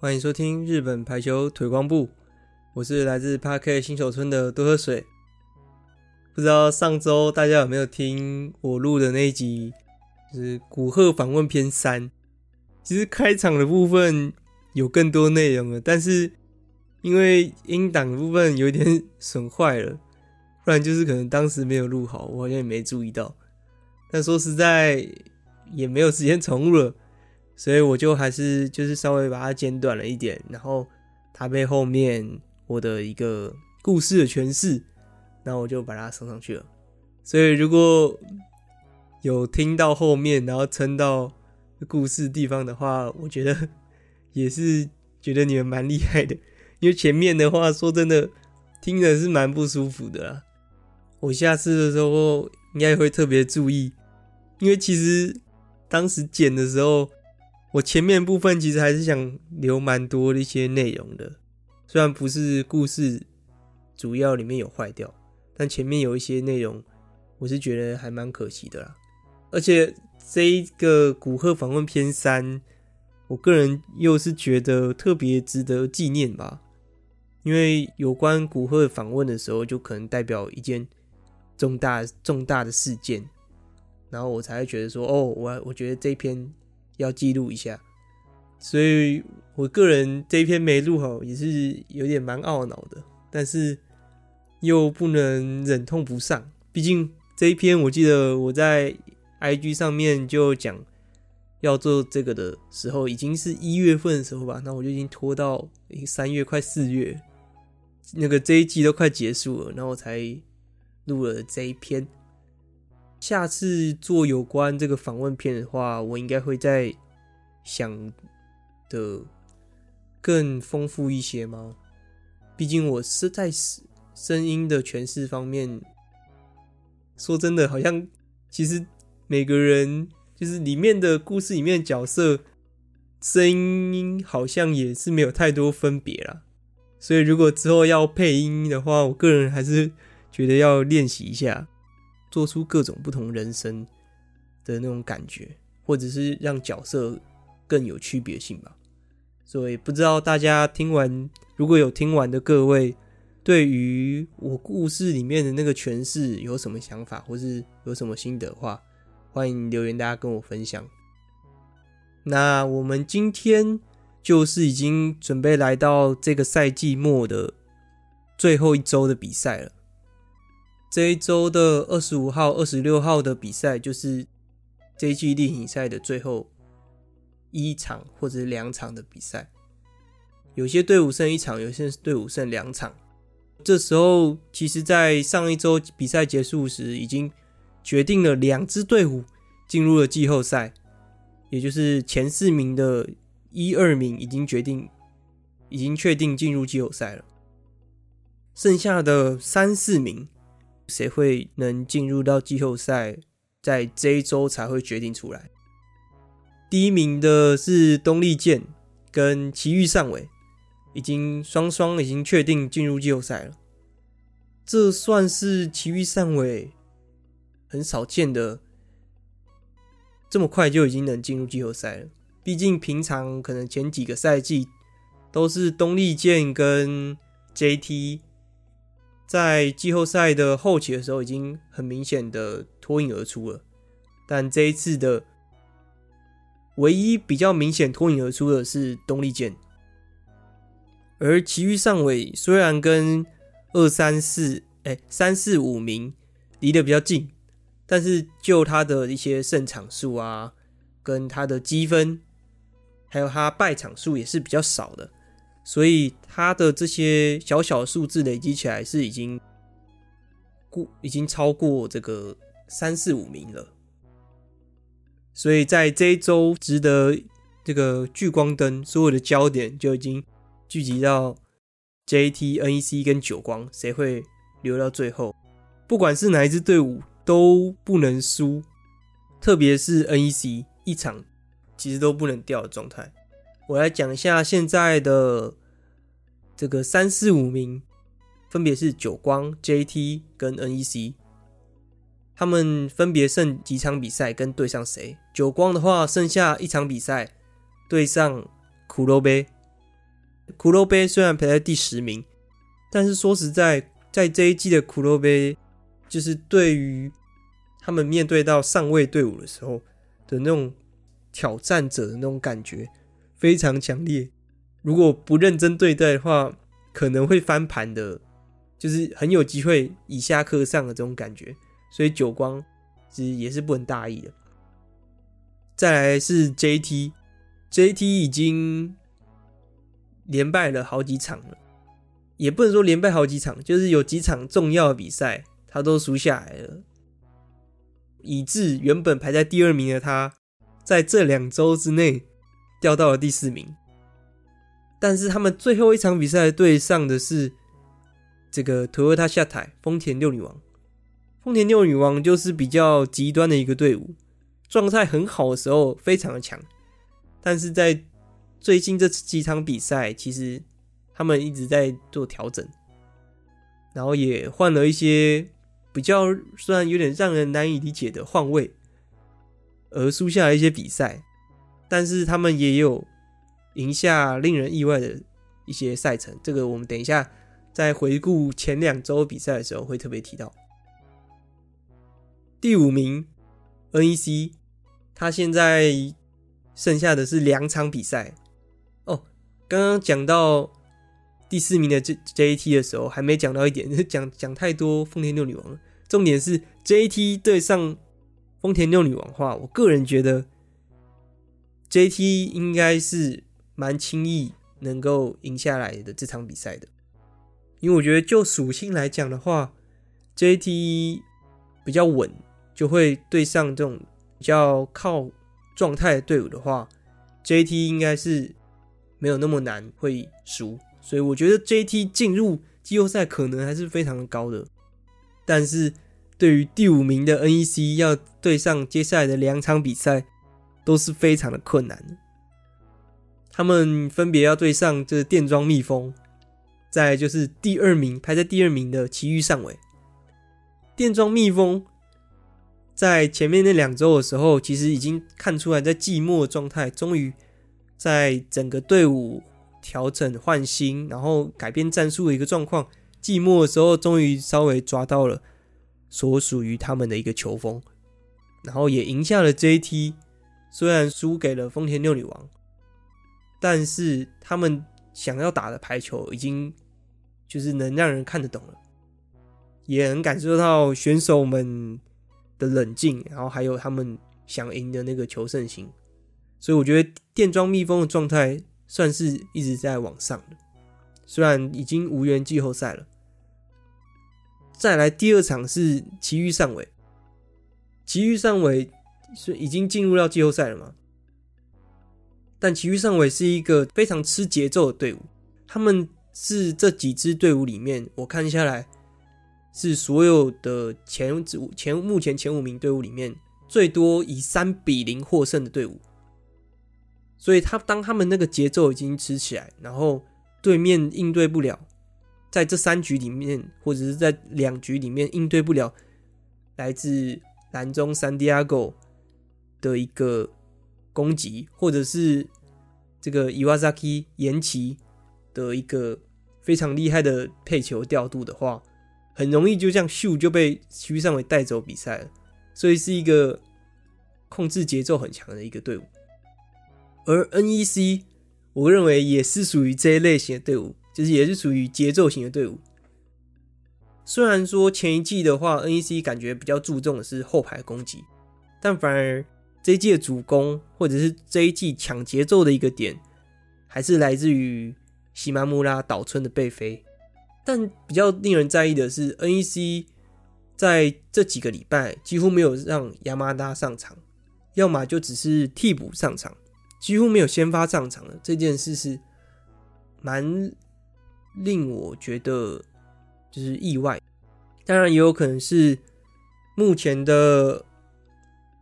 歡迎收聽日本排球推廣部，我是來自 Park 新手村的多喝水。不知道上週大家有沒有聽我錄的那一集，就是古賀訪問篇三。其實開場的部分有更多內容了，但是因為音檔部分有點損壞了，不然就是可能當時沒有錄好，我好像也沒注意到。但說實在，也沒有時間重錄了，所以我就還是就是稍微把它剪短了一點，然後它被後面我的一個故事的詮釋。然後我就把它送上去了。所以如果有聽到後面，然後撐到故事地方的話，我覺得也是覺得你們蠻厲害的。因為前面的話說真的，聽着是蠻不舒服的啦，我下次的時候應該會特別注意，因為其實當時剪的時候，我前面部分其實還是想留蠻多的一些內容的，雖然不是故事主要裡面有壞掉。但前面有一些內容，我是覺得還蠻可惜的啦。而且這一個古賀訪問篇三，我個人又是覺得特別值得紀念吧。因為有關古賀訪問的時候，就可能代表一件重大重大的事件，然後我才會覺得說，哦，我我覺得這篇要記錄一下。所以我個人這一篇沒錄好，也是有點蠻懊惱的。但是。又不能忍痛不上，畢竟這一篇我記得我在 IG 上面就講要做這個的時候，已經是一月份的時候吧，那我就已經拖到三月快四月，那個這一季都快結束了，然後我才錄了這一篇。下次做有關這個訪問片的話，我應該會再想的更豐富一些嗎？畢竟我實在是。聲音的詮釋方面，說真的，好像其實每個人就是裡面的故事裡面的角色聲音，好像也是沒有太多分別啦。所以，如果之後要配音的話，我個人還是覺得要練習一下，做出各種不同人聲的那種感覺，或者是讓角色更有區別性吧。所以，不知道大家聽完，如果有聽完的各位。對於我故事裡面的那個詮釋有什麼想法，或是有什麼心得的話，歡迎留言，大家跟我分享。那我們今天就是已經準備來到這個賽季末的最後一周的比賽了。這一周的二十五號、二十六號的比賽，就是這一季例行賽的最後一場或者兩場的比賽。有些隊伍剩一場，有些隊伍剩兩場。這時候，其實，在上一周比賽結束時，已經決定了兩支隊伍進入了季後賽，也就是前四名的一二名已經決定，已經確定進入季後賽了。剩下的三四名，誰會能進入到季後賽，在這一周才會決定出來。第一名的是東麗箭跟琦玉上尾。已經雙雙已經確定進入季後賽了，這算是琦玉上尾很少見的，這麼快就已經能進入季後賽了。畢竟平常可能前幾個賽季都是東麗箭跟 JT 在季後賽的後期的時候已經很明顯的脫穎而出了，但這一次的唯一比較明顯脫穎而出的是東麗箭，而琦玉上尾雖然跟二三四哎三四五名離得比較近，但是就他的一些勝場數啊，跟他的積分，還有他敗場數也是比較少的，所以他的這些小小數字累積起來是已經過已經超過這個三四五名了，所以在這一周值得這個聚光燈所有的焦點就已經。聚集到 J T、N E C 跟久光，誰會留到最後？不管是哪一支隊伍都不能輸，特別是 N E C，一場其實都不能掉的狀態。我來講一下現在的這個三四五名，分別是久光、J T 跟 N E C，他們分別剩幾場比賽跟對上誰？久光的話，剩下一場比賽對上 Kurobe。苦肉杯雖然排在第十名，但是說實在，在這一季的苦肉杯，就是對於他們面對到上位隊伍的時候的那種挑戰者的那種感覺非常強烈。如果不認真對待的話，可能會翻盤的，就是很有機會以下克上的這種感覺。所以久光其實也是不能大意的。再來是 JT，JT 已經連敗了好幾場了，也不能說連敗好幾場，就是有幾場重要的比賽他都輸下來了，以致原本排在第二名的他，在這兩周之內掉到了第四名。但是他們最後一場比賽對上的是這個 Toyota 下台豐田六女王，豐田六女王就是比較極端的一個隊伍，狀態很好的時候非常的強，但是在最近這幾場比賽，其實他們一直在做調整，然後也換了一些比較雖然有點讓人難以理解的換位，而輸下了一些比賽，但是他們也有贏下令人意外的一些賽程。這個我們等一下再回顧前兩週比賽的時候會特別提到。第五名 NEC，他現在剩下的是兩場比賽。剛剛講到第四名的這 J T 的時候，還沒講到一點，講講太多豐田六女王了。重點是 J T 對上豐田六女王的話，我個人覺得 J T 應該是蠻輕易能夠贏下來的這場比賽的，因為我覺得就屬性來講的話，J T 比較穩，就會對上這種比較靠狀態的隊伍的話，J T 應該是。沒有那麼難會輸，所以我覺得 JT 進入季後賽可能還是非常的高的。但是，對於第五名的 NEC 要對上接下來的兩場比賽，都是非常的困難的。他們分別要對上就是電裝蜜蜂，再就是第二名排在第二名的琦玉上尾。電裝蜜蜂在前面那兩週的時候，其實已經看出來在季末的狀態，終於。在整個隊伍調整換新，然後改變戰術的一個狀況，季末的時候終於稍微抓到了所屬於他們的一個球風，然後也贏下了 JT。雖然輸給了豐田六女王，但是他們想要打的排球已經就是能讓人看得懂了，也能感受到選手們的冷靜，然後還有他們想贏的那個求勝心。所以我覺得電裝蜜蜂的狀態算是一直在往上的，雖然已經無緣季後賽了。再來第二場是琦玉上尾，琦玉上尾是已經進入到季後賽了嗎？但琦玉上尾是一個非常吃節奏的隊伍，他們是這幾支隊伍裡面我看下來是所有的前五前目前前五名隊伍裡面最多以三比零獲勝的隊伍。所以他，他當他們那個節奏已經吃起來，然後對面應對不了，在這三局裡面，或者是在兩局裡面應對不了來自藍中三 Diego 的一個攻擊，或者是這個 Iwasaki 延期的一個非常厲害的配球調度的話，很容易就這樣秀就被徐尚偉帶走比賽了。所以，是一個控制節奏很強的一個隊伍。而 NEC 我認為也是屬於這一類型的隊伍，就是也是屬於節奏型的隊伍。雖然說前一季的話，NEC 感覺比較注重的是後排攻擊，但反而這一季的主攻或者是這一季搶節奏的一個點，還是來自於喜馬木拉島村的背飛。但比較令人在意的是，NEC 在這幾個禮拜幾乎沒有讓山田上場，要麼就只是替補上場。幾乎沒有先發上場的這件事是蠻令我覺得就是意外，當然也有可能是目前的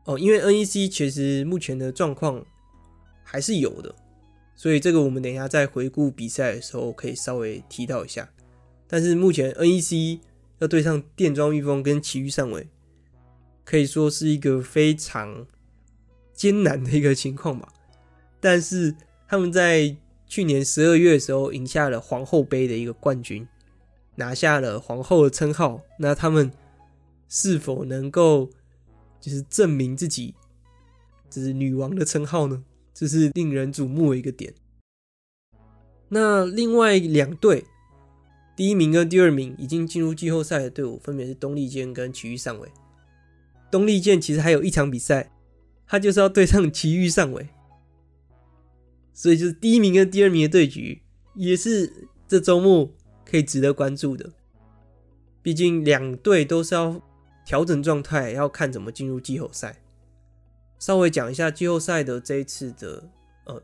哦，因為 NEC 其實目前的狀況還是有的，所以這個我們等一下再回顧比賽的時候可以稍微提到一下。但是目前 NEC 要對上電裝御風跟琦玉上尾，可以說是一個非常艱難的一個情況吧。但是他們在去年十二月的時候贏下了皇后杯的一個冠軍，拿下了皇後的稱號。那他們是否能夠就是證明自己這是女王的稱號呢？這是令人矚目的一個點。那另外兩隊第一名跟第二名已經進入季後賽的隊伍分別是東麗箭跟琦玉上尾。東麗箭其實還有一場比賽，他就是要對上琦玉上尾。所以就是第一名跟第二名的對局，也是這周末可以值得關注的。畢竟兩隊都是要調整狀態，要看怎麼進入季後賽。稍微講一下季後賽的這一次的，呃，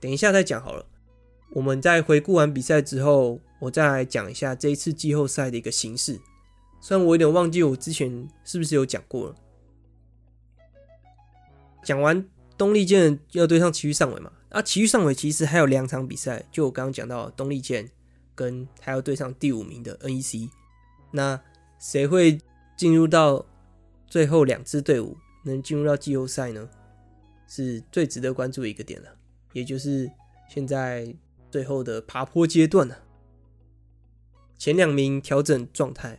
等一下再講好了。我們在回顧完比賽之後，我再來講一下這一次季後賽的一個形式。雖然我有點忘記我之前是不是有講過了。講完東麗箭要對上琦玉上尾嘛？啊，琦玉上尾其實還有兩場比賽，就我剛剛講到的東麗箭跟還要對上第五名的 NEC，那誰會進入到最後兩支隊伍，能進入到季後賽呢？是最值得關注一個點了，也就是現在最後的爬坡階段了，啊，前兩名調整狀態，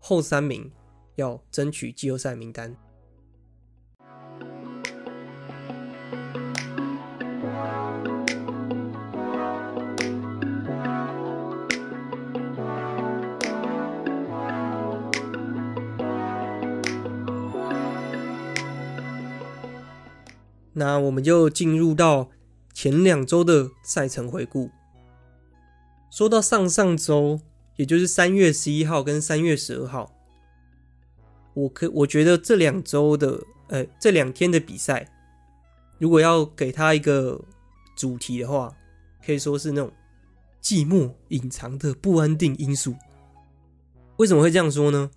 後三名要爭取季後賽名單。那我們就進入到前兩周的賽程回顧。說到上上周，也就是三月十一號跟三月十二號，我可我覺得這兩周的呃這兩天的比賽，如果要給他一個主題的話，可以說是那種季末隱藏的不安定因素。為什麼會這樣說呢？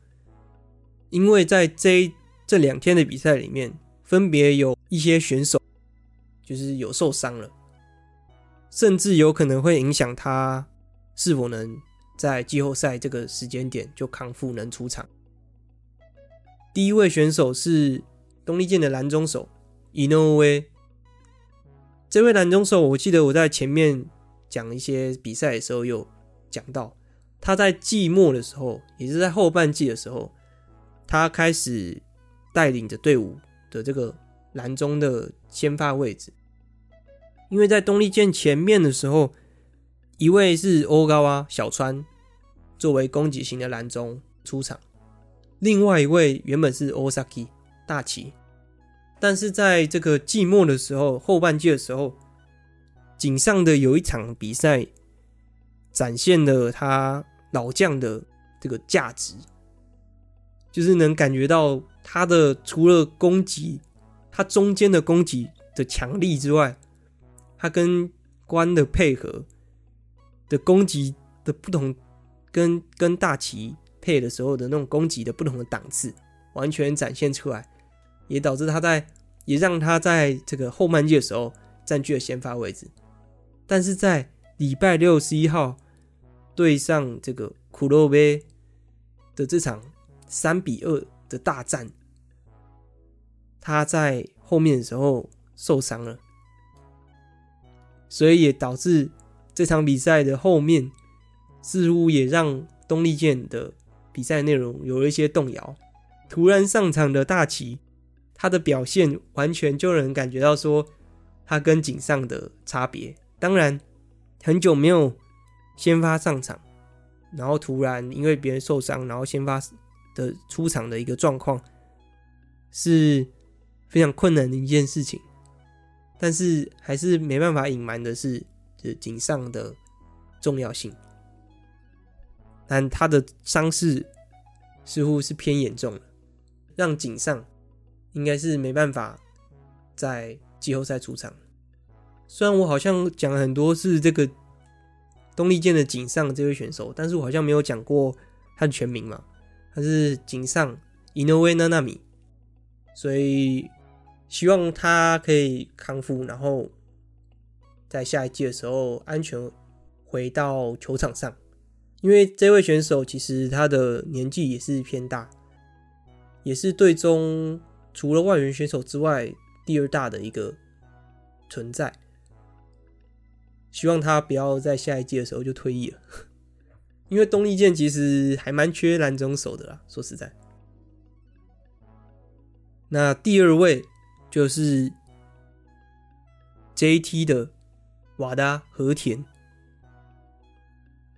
因為在這一這兩天的比賽裡面，分別有。一些選手就是有受傷了，甚至有可能會影響他是否能在季後賽這個時間點就康復能出場。第一位選手是東麗箭的攔中手伊諾威，這位攔中手我記得我在前面講一些比賽的時候有講到，他在季末的時候，也是在後半季的時候，他開始帶領着隊伍的這個。攔中的先發位置，因為在東麗箭前面的時候，一位是歐高啊小川，作為攻擊型的攔中出場；另外一位原本是 Osaki 大崎，但是在這個季末的時候，後半季的時候，井上的有一場比賽展現了他老將的這個價值，就是能感覺到他的除了攻擊。他中間的攻擊的強力之外，他跟關的配合的攻擊的不同，跟跟大旗配的時候的那種攻擊的不同的檔次，完全展現出來，也導致他在也讓他在這個後半季的時候佔據了先發位置，但是在禮拜六十一號對上這個庫洛貝的這場三比二的大戰，他在後面的時候受傷了，所以也導致這場比賽的後面似乎也讓東麗箭的比賽內容有一些動搖。突然上場的大崎，他的表現完全就能感覺到說他跟井上的差別。當然，很久沒有先發上場，然後突然因為別人受傷，然後先發的出場的一個狀況是，非常困難的一件事情，但是還是沒辦法隱瞞的是，就是井上的重要性。但他的傷勢似乎是偏嚴重，讓井上應該是沒辦法在季後賽出場。雖然我好像講了很多是這個東麗箭的井上的這位選手，但是我好像沒有講過他的全名嘛？他是井上伊能威奈奈米，所以。希望他可以康復，然後在下一季的時候安全回到球場上。因為這位選手其實他的年紀也是偏大，也是隊中除了外援選手之外第二大的一個存在。希望他不要在下一季的時候就退役了，因為東麗箭其實還蠻缺攔中手的啦，說實在。那第二位。就是 JT 的瓦達和田，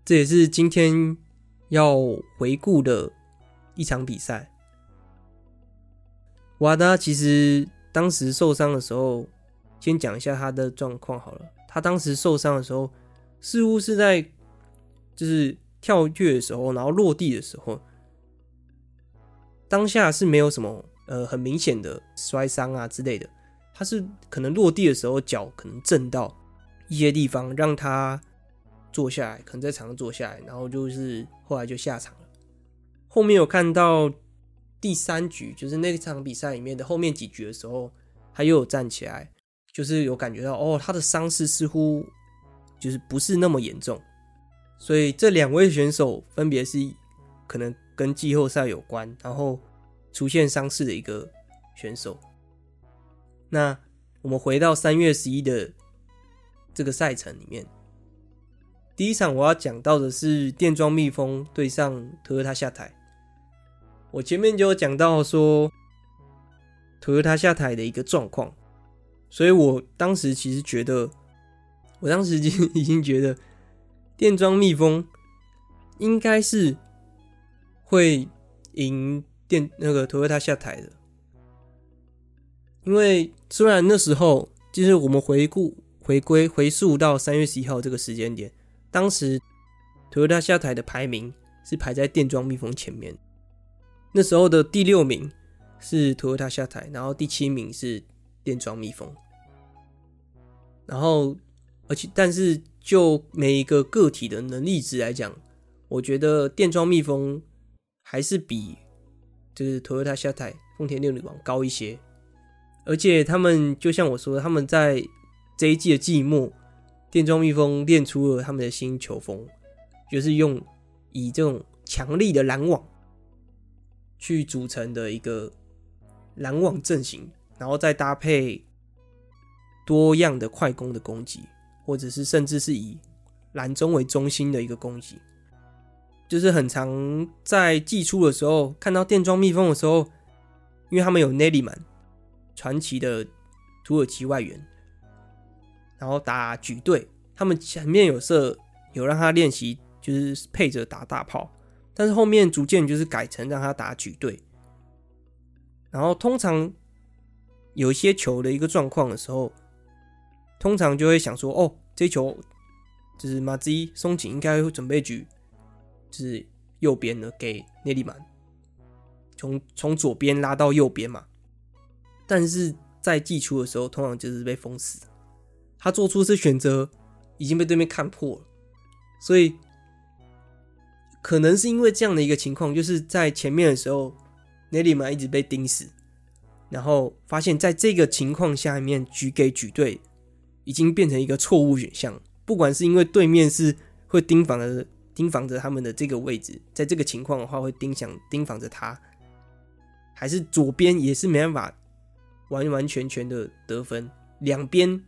這也是今天要回顧的一場比賽。瓦達其實當時受傷的時候，先講一下他的狀況好了。他當時受傷的時候，似乎是在就是跳躍的時候，然後落地的時候，當下是沒有什麼。呃，很明顯的摔傷啊之類的，他是可能落地的時候，腳可能震到一些地方，讓他坐下來，可能在場上坐下來，然後就是後來就下場了。後面有看到第三局，就是那場比賽裡面的後面幾局的時候，他又有站起來，就是有感覺到哦，他的傷勢似乎就是不是那麼嚴重。所以這兩位選手分別是可能跟季後賽有關，然後。出現傷勢的一個選手。那我們回到三月十一的這個賽程裡面，第一場我要講到的是電裝蜜蜂對上 Toyota 下台。我前面就有講到說 Toyota 下台的一個狀況，所以我當時其實覺得，我當時已經已經覺得電裝蜜蜂應該是會贏。電那個 Toyota 下台的，因為雖然那時候就是我們回顧、回歸、回溯到三月十一號這個時間點，當時 Toyota 下台的排名是排在電裝蜜蜂前面。那時候的第六名是 Toyota 下台，然後第七名是電裝蜜蜂。然後，而且但是就每一個個體的能力值來講，我覺得電裝蜜蜂還是比。就是 Toyota 下台，豐田六女王高一些，而且他們就像我說，他們在這一季的季末，電裝蜜蜂練出了他們的新球風，就是用以這種強力的攔網去組成的一個攔網陣型，然後再搭配多樣的快攻的攻擊，或者是甚至是以攔中為中心的一個攻擊。就是很常在季初的時候看到電裝蜜蜂的時候，因為他們有 Neriman 傳奇的土耳其外援，然後打舉隊，他們前面有設有讓他練習，就是配着打大炮，但是後面逐漸就是改成讓他打舉隊，然後通常有一些球的一個狀況的時候，通常就會想說，哦，這球就是馬之一松井應該會準備舉。是右邊的給內力滿，從從左邊拉到右邊嘛？但是在寄出的時候，通常就是被封死。他做出這選擇已經被對面看破了，所以可能是因為這樣的一個情況，就是在前面的時候內力滿一直被盯死，然後發現在這個情況下面舉給舉隊已經變成一個錯誤選項，不管是因為對面是會盯防的。盯防着他們的這個位置，在這個情況的話，會盯想盯防着他，還是左邊也是沒辦法完完全全的得分，兩邊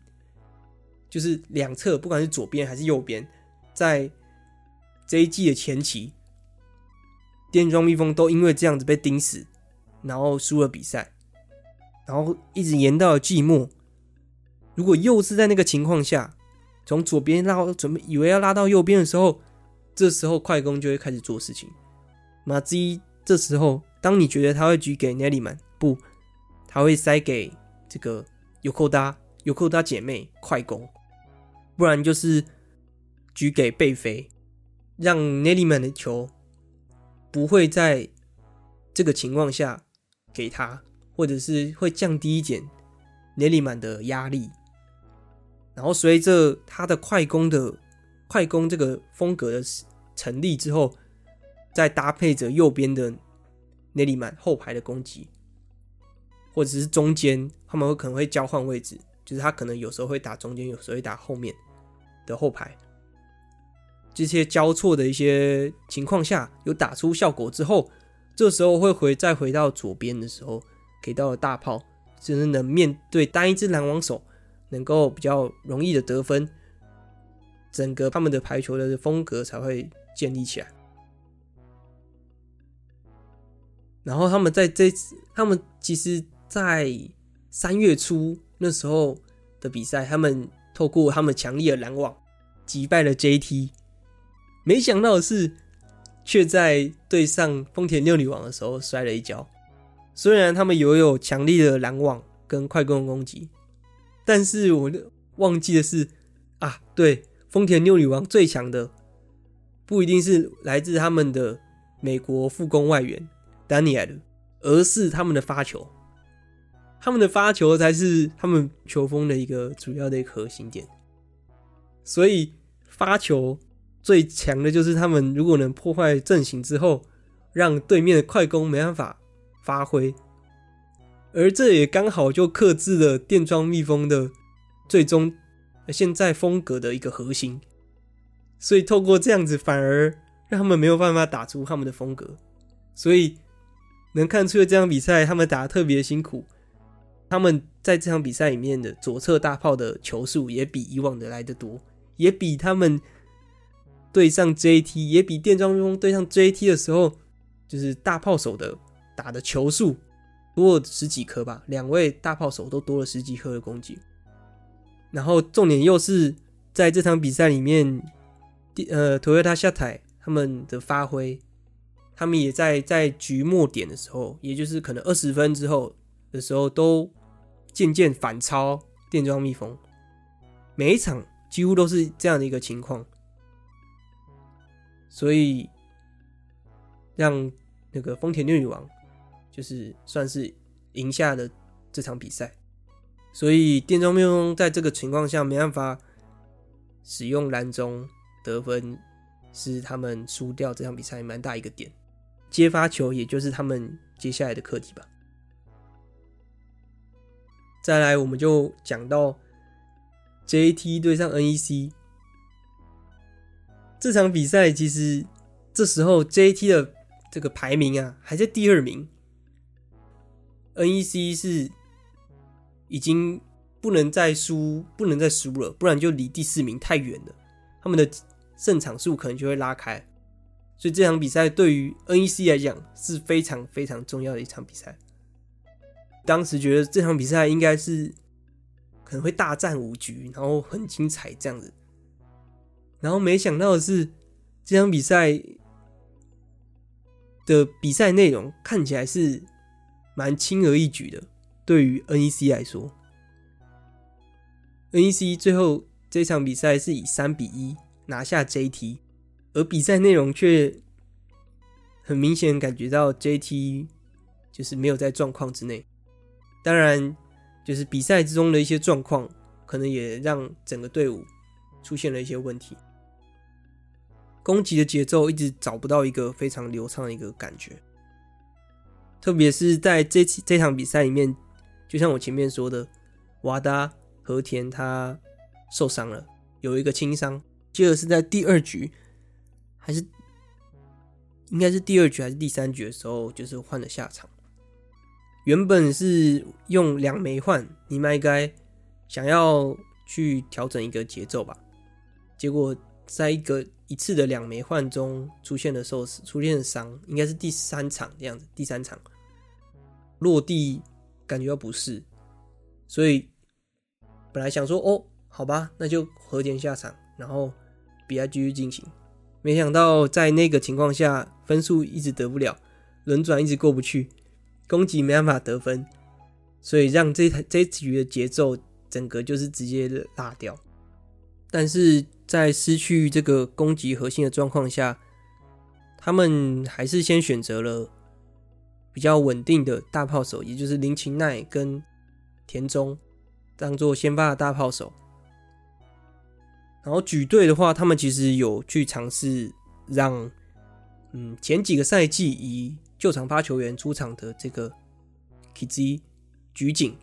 就是兩側，不管是左邊還是右邊，在這一季的前期，電裝蜜蜂都因為這樣子被盯死，然後輸了比賽，然後一直延到了季末。如果又是在那個情況下，從左邊拉，準備以為要拉到右邊的時候。這時候快攻就會開始做事情。馬之一這時候，當你覺得他會舉給 Neliman，不，他會塞給這個尤寇達、尤寇達姐妹快攻，不然就是舉給貝菲，讓 Neliman 的球不會在這個情況下給他，或者是會降低一點 Neliman 的壓力。然後隨着他的快攻的。快攻這個風格的成立之後，再搭配着右邊的內力滿後排的攻擊，或者是中間，他們會可能會交換位置，就是他可能有時候會打中間，有時候會打後面的後排。這些交錯的一些情況下有打出效果之後，這時候會回再回到左邊的時候，給到了大炮，真的能面對單一隻攔網手，能夠比較容易的得分。整個他們的排球的風格才會建立起來。然後他們在這次，他們其實，在三月初那時候的比賽，他們透過他們強力的攔網擊敗了 JT。沒想到的是，卻在對上豐田六女王的時候摔了一跤。雖然他們也有強力的攔網跟快攻攻擊，但是我忘記的是啊，對。豐田六女王最強的不一定是來自他們的美國副攻外援丹尼埃爾，Daniel, 而是他們的發球。他們的發球才是他們球風的一個主要的一個核心點。所以發球最強的就是他們，如果能破壞陣型之後，讓對面的快攻沒辦法發揮，而這也剛好就克制了電裝蜜蜂的最終。現在風格的一個核心，所以透過這樣子，反而讓他們沒有辦法打出他們的風格。所以能看出的這場比賽他們打得特別辛苦。他們在這場比賽裡面的左側大炮的球數也比以往的來得多，也比他們對上 JT，也比電裝中對上 JT 的時候，就是大炮手的打的球數多了十幾顆吧。兩位大炮手都多了十幾顆的攻擊。然後重點又是在這場比賽裡面，呃，Toyota 下台，他們的發揮，他們也在在局末點的時候，也就是可能二十分之後的時候，都漸漸反超電裝蜜蜂。每一場幾乎都是這樣的一個情況，所以讓那個豐田六女王就是算是贏下了這場比賽。所以電裝蜜蜂在這個情況下沒辦法使用藍中得分，是他們輸掉這場比賽蠻大一個點。接發球也就是他們接下來的課題吧。再來，我們就講到 J T 對上 N E C 這場比賽，其實這時候 J T 的這個排名啊還在第二名，N E C 是。已經不能再輸，不能再輸了，不然就離第四名太遠了。他們的勝場數可能就會拉開，所以這場比賽對於 NEC 來講是非常非常重要的一場比賽。當時覺得這場比賽應該是可能會大戰五局，然後很精彩這樣子。然後沒想到的是這場比賽的比賽內容看起來是蠻輕而易舉的。對於 NEC 來說，NEC 最後這場比賽是以三比一拿下 JT，而比賽內容卻很明顯感覺到 JT 就是沒有在狀況之內。當然，就是比賽之中的一些狀況，可能也讓整個隊伍出現了一些問題。攻擊的節奏一直找不到一個非常流暢的一個感覺，特別是在這這場比賽裡面。就像我前面說的，瓦達和田他受傷了，有一個輕傷。接着是在第二局，還是應該是第二局還是第三局的時候，就是換了下場。原本是用兩枚換，你們應該想要去調整一個節奏吧。結果在一個一次的兩枚換中出現了受傷，出現了傷，應該是第三場的樣子。第三場落地。感覺要不是，所以本來想說哦，好吧，那就和田下場，然後比賽繼續進行。沒想到在那個情況下，分數一直得不了，輪轉一直過不去，攻擊沒辦法得分，所以讓這台這局的節奏整個就是直接落掉。但是在失去這個攻擊核心的狀況下，他們還是先選擇了。比較穩定的大炮手，也就是林琴奈跟田中，當做先發的大炮手。然後舉隊的話，他們其實有去嘗試讓，嗯，前幾個賽季以舊場發球員出場的這個 Kizy 舉井，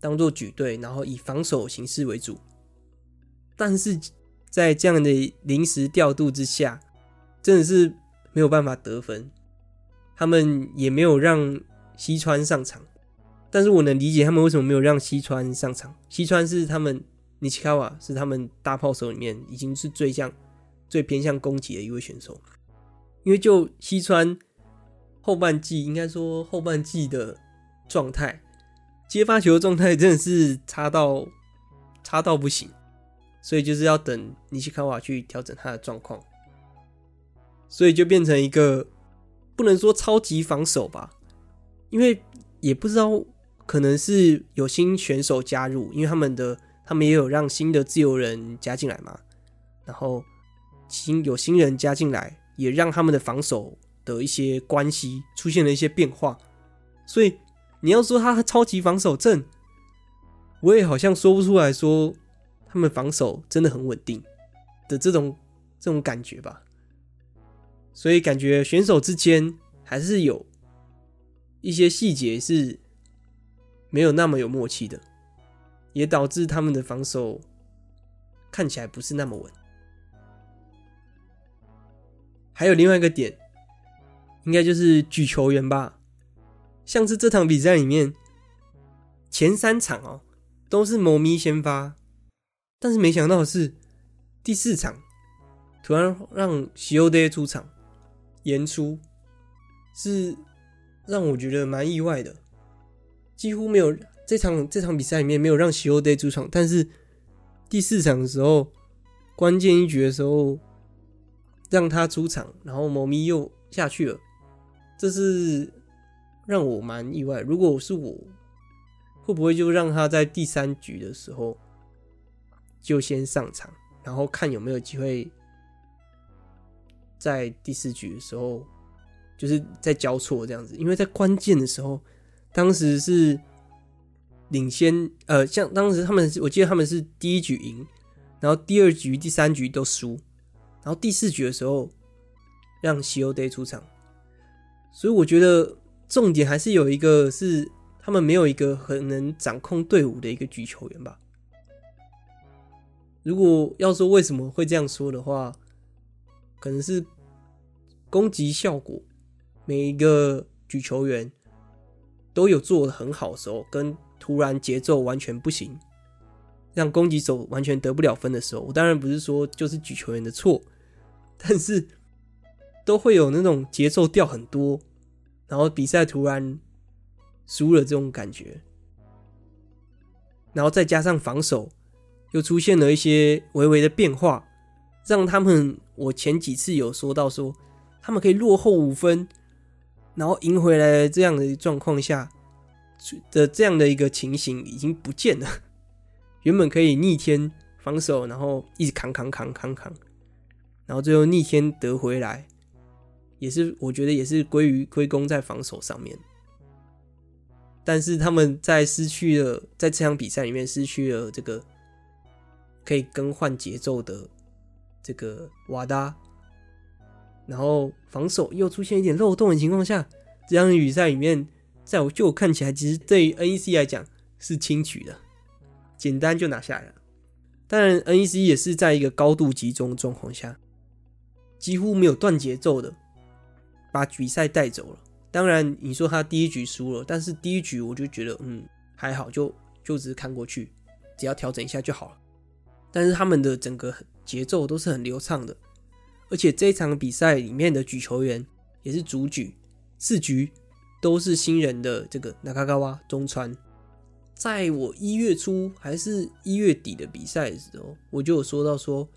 當做舉隊，然後以防守形式為主。但是在這樣的臨時調度之下，真的是沒有辦法得分。他們也沒有讓西川上場，但是我能理解他們為什麼沒有讓西川上場。西川是他們，尼西卡瓦是他們大炮手裡面已經是最像最偏向攻擊的一位選手。因為就西川後半季，應該說後半季的狀態，接發球的狀態真的是差到差到不行，所以就是要等尼西卡瓦去調整他的狀況，所以就變成一個。不能說超級防守吧，因為也不知道可能是有新選手加入，因為他們的他們也有讓新的自由人加進來嘛，然後新有新人加進來，也讓他們的防守的一些關係出現了一些變化，所以你要說他超級防守陣，我也好像說不出來說他們防守真的很穩定的這種這種感覺吧。所以感覺選手之間還是有一些細節是沒有那麼有默契的，也導致他們的防守看起來不是那麼穩。還有另外一個點，應該就是舉球員吧，像是這場比賽裡面前三場哦都是某咪先發，但是沒想到的是第四場突然讓西優爹出場。演出是讓我覺得蠻意外的，幾乎沒有這場這場比賽裡面沒有讓西歐隊出場，但是第四場的時候關鍵一局的時候讓他出場，然後貓咪又下去了，這是讓我蠻意外。如果是我，會不會就讓他在第三局的時候就先上場，然後看有沒有機會？在第四局的時候，就是在交錯這樣子，因為在關鍵的時候，當時是領先，呃，像當時他們，我記得他們是第一局贏，然後第二局、第三局都輸，然後第四局的時候讓西歐隊出場，所以我覺得重點還是有一個是他們沒有一個很能掌控隊伍的一個舉球員吧。如果要說為什麼會這樣說的話，可能是攻擊效果，每一個舉球員都有做的很好的時候，跟突然節奏完全不行，讓攻擊手完全得不了分的時候，我當然不是說就是舉球員的錯，但是都會有那種節奏掉很多，然後比賽突然輸了這種感覺，然後再加上防守又出現了一些微微的變化，讓他們。我前幾次有說到說，他們可以落後五分，然後贏回來這樣的狀況下的這樣的一個情形已經不見了。原本可以逆天防守，然後一直扛扛扛扛扛，然後最後逆天得回來，也是我覺得也是歸於歸功在防守上面。但是他們在失去了在這場比賽裡面失去了這個可以更換節奏的。這個瓦達，然後防守又出現一點漏洞的情況下，這樣的比賽裡面，在我就我看起來，其實對於 N E C 來講是輕取的，簡單就拿下來了。當然，N E C 也是在一個高度集中的狀況下，幾乎沒有斷節奏的，把比賽帶走了。當然，你說他第一局輸了，但是第一局我就覺得，嗯，還好，就就只是看過去，只要調整一下就好了。但是他們的整個很節奏都是很流暢的，而且這一場比賽裡面的舉球員也是主舉四局，都是新人的這個 Nakagawa 中川，在我一月初還是一月底的比賽的時候，我就有說到說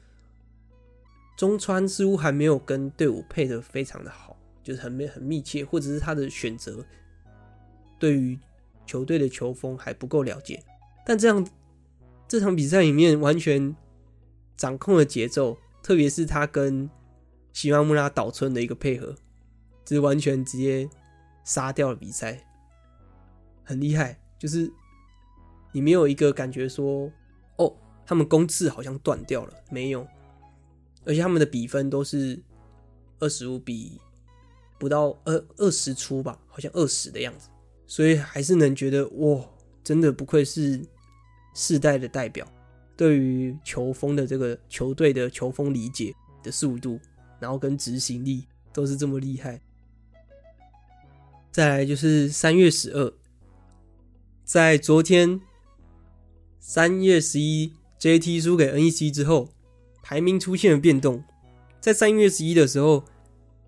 中川似乎還沒有跟隊伍配的非常的好，就是很沒很密切，或者是他的選擇對於球隊的球風還不夠了解，但這樣這場比賽裡面完全。掌控的節奏，特別是他跟西馬木拉島村的一個配合，就是完全直接殺掉了比賽，很厲害。就是你沒有一個感覺說，哦，他們攻勢好像斷掉了，沒有。而且他們的比分都是二十五比不到二二十出吧，好像二十的樣子，所以還是能覺得哇，真的不愧是世代的代表。對於球風的這個球隊的球風理解的速度，然後跟執行力都是這麼厲害。再來就是三月十二，在昨天三月十一 J T 輸給 N E C 之後，排名出現了變動。在三月十一的時候，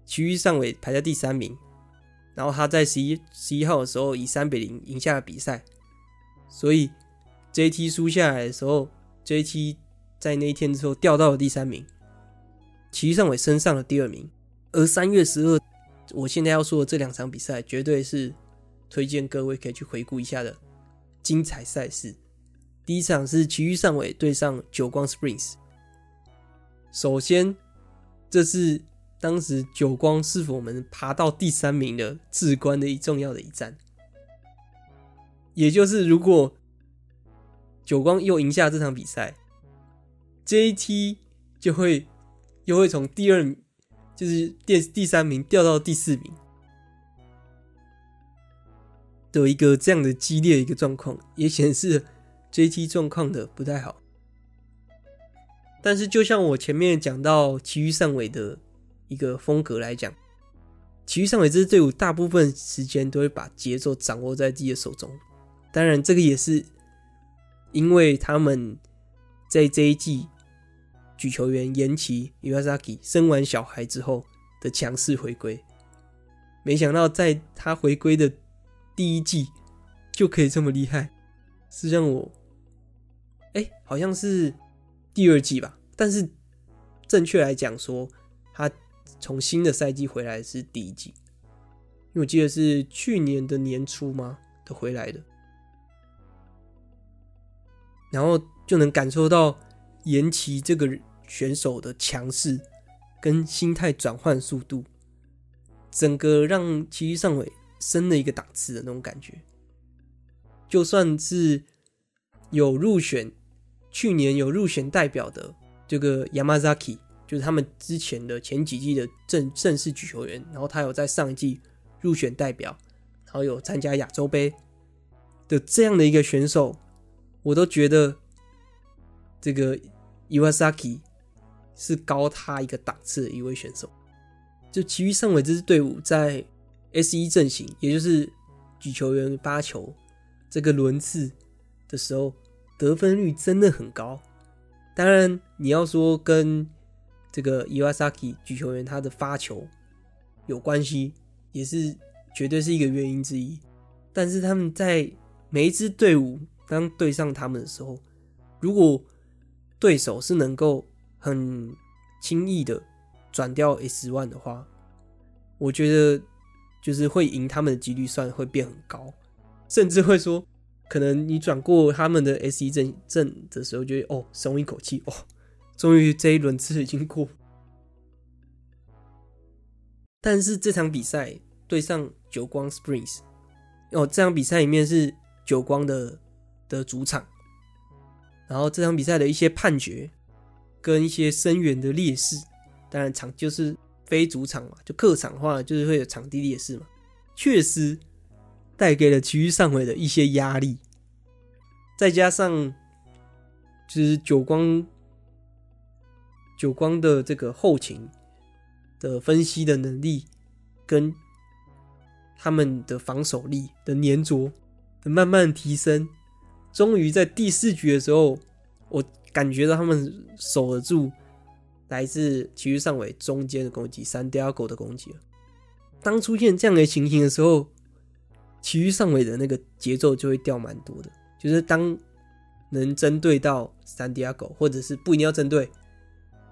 琦玉上尾排在第三名，然後他在十一十一號的時候以三比零贏下了比賽，所以 J T 輸下來的時候。這一期在那一天之後掉到了第三名，琦玉上尾升上了第二名。而三月十二，我現在要說的這兩場比賽絕對是推薦各位可以去回顧一下的精彩賽事。第一場是琦玉上尾對上久光 Springs。首先，這是當時久光是否能爬到第三名的至關的一重要的一戰，也就是如果。久光又贏下這場比賽，JT 就會又會從第二，就是第第三名掉到第四名的一個這樣的激烈一個狀況，也顯示 JT 狀況的不太好。但是就像我前面講到，琦玉上尾的一個風格來講，琦玉上尾這支隊伍大部分時間都會把節奏掌握在自己的手中，當然這個也是。因為他們在這一季，舉球員岩崎伊巴扎基生完小孩之後的強勢回歸，沒想到在他回歸的第一季就可以這麼厲害，是讓我，哎，好像是第二季吧？但是正確來講說，他從新的賽季回來的是第一季，因為我記得是去年的年初嗎？他回來的。然後就能感受到岩崎這個選手的強勢跟心態轉換速度，整個讓琦玉上尾升了一個檔次的那種感覺。就算是有入選去年有入選代表的這個 Yamazaki，就是他們之前的前幾季的正正式舉球員，然後他有在上一季入選代表，然後有參加亞洲盃的這樣的一個選手。我都覺得這個伊瓦薩奇是高他一個檔次的一位選手。就其餘上尾這支隊伍在 S 一陣型，也就是舉球員發球這個輪次的時候，得分率真的很高。當然，你要說跟這個伊瓦薩奇舉球員他的發球有關係，也是絕對是一個原因之一。但是他們在每一支隊伍。當對上他們的時候，如果對手是能夠很輕易的轉掉 S1 的話，我覺得就是會贏他們的幾率算會變很高，甚至會說可能你轉過他們的 S1 陣陣的時候，就會哦鬆一口氣哦，終於這一輪次已經過。但是這場比賽對上久光 Springs，哦這場比賽裡面是久光的，的主場，然後這場比賽的一些判決跟一些聲援的劣勢，當然場就是非主場嘛，就客場的話就是會有場地劣勢嘛，確實帶給了琦玉上尾的一些壓力，再加上就是久光久光的這個後勤的分析的能力跟他們的防守力的粘着的慢慢提升，終於在第四局的時候，我感覺到他們守得住來自琦玉上尾中間的攻擊，三 Diego 的攻擊了。當出現這樣的情形的時候，琦玉上尾的那個節奏就會掉蠻多的。就是當能針對到三 Diego，或者是不一定要針對，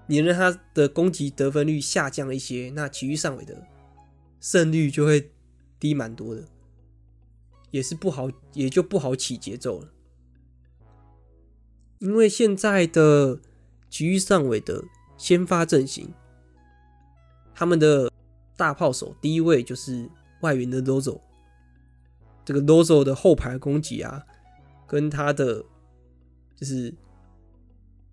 你讓他的攻擊得分率下降一些，那琦玉上尾的勝率就會低蠻多的，也是不好，也就不好起節奏了。因為現在的琦玉上尾的先發陣型，他們的大炮手第一位就是外援的羅佐，這個羅佐的後排攻擊啊，跟他的就是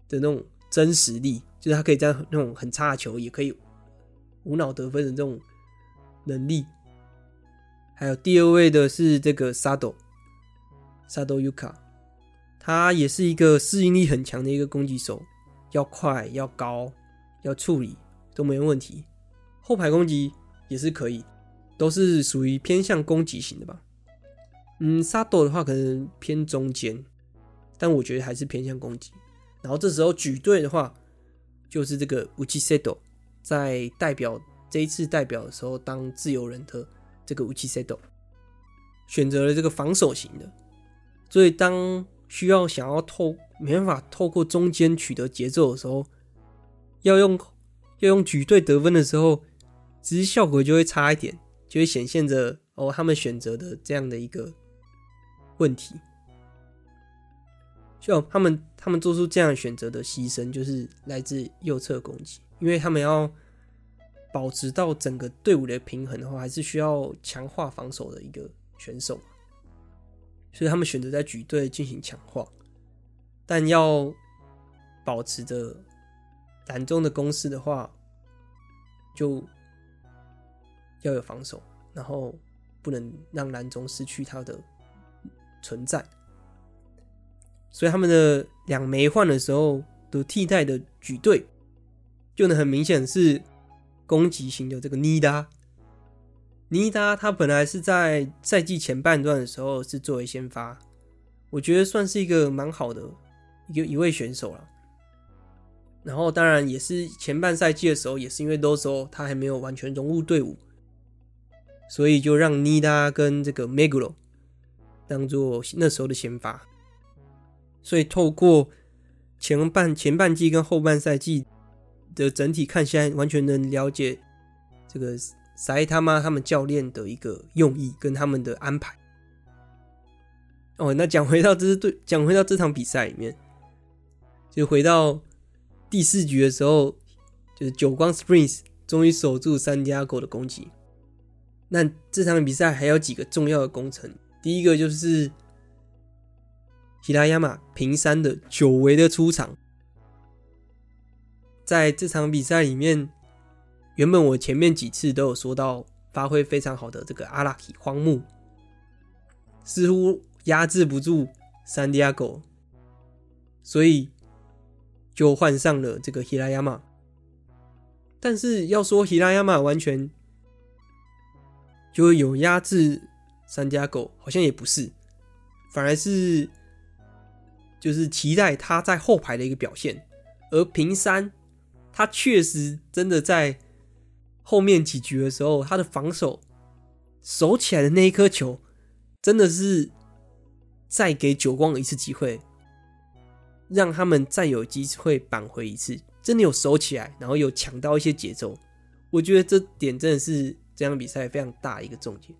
的那種真實力，就是他可以在那種很差的球也可以無腦得分的這種能力。還有第二位的是這個沙斗，沙斗優卡。他也是一個適應力很強的一個攻擊手，要快要高要處理都沒問題，後排攻擊也是可以，都是屬於偏向攻擊型的吧。嗯，Sato 的話可能偏中間，但我覺得還是偏向攻擊。然後這時候舉隊的話，就是這個 Uchiseto 在代表這一次代表的時候，當自由人的這個 Uchiseto 選擇了這個防守型的，所以當。需要想要透，沒辦法透過中間取得節奏的時候，要用要用舉隊得分的時候，只是效果就會差一點，就會顯現着哦，他們選擇的這樣的一個問題，就他們他們做出這樣的選擇的犧牲，就是來自右側攻擊，因為他們要保持到整個隊伍的平衡的話，還是需要強化防守的一個選手。所以他們選擇在舉隊進行強化，但要保持着藍中的攻勢的話，就要有防守，然後不能讓藍中失去他的存在。所以他們的兩枚換的時候都替代的舉隊，就能很明顯是攻擊型的這個妮達。尼達他本來是在賽季前半段的時候是作為先發，我覺得算是一個蠻好的一個一位選手了。然後當然也是前半賽季的時候，也是因為多時候他還沒有完全融入隊伍，所以就讓尼達跟這個 Meguro 當做那時候的先發。所以透過前半前半季跟後半賽季的整體看起來，完全能了解這個。塞他媽他們教練的一個用意跟他們的安排。哦，那講回到這支隊，講回到這場比賽裡面，就回到第四局的時候，就是久光 Springs 終於守住三家狗的攻擊。那這場比賽還有幾個重要的工程，第一個就是 Hirayama 平山的久違的出場，在這場比賽裡面。原本我前面幾次都有說到發揮非常好的這個阿拉奇荒木，似乎壓制不住三迪亞狗，所以就換上了這個希拉亞馬。但是要說希拉亞馬完全就有壓制三迪亞狗，好像也不是，反而是就是期待他在後排的一個表現。而平山他確實真的在。後面幾局的時候，他的防守守起來的那一顆球，真的是再給久光一次機會，讓他們再有機會扳回一次。真的有守起來，然後有搶到一些節奏。我覺得這點真的是這場比賽非常大一個重點。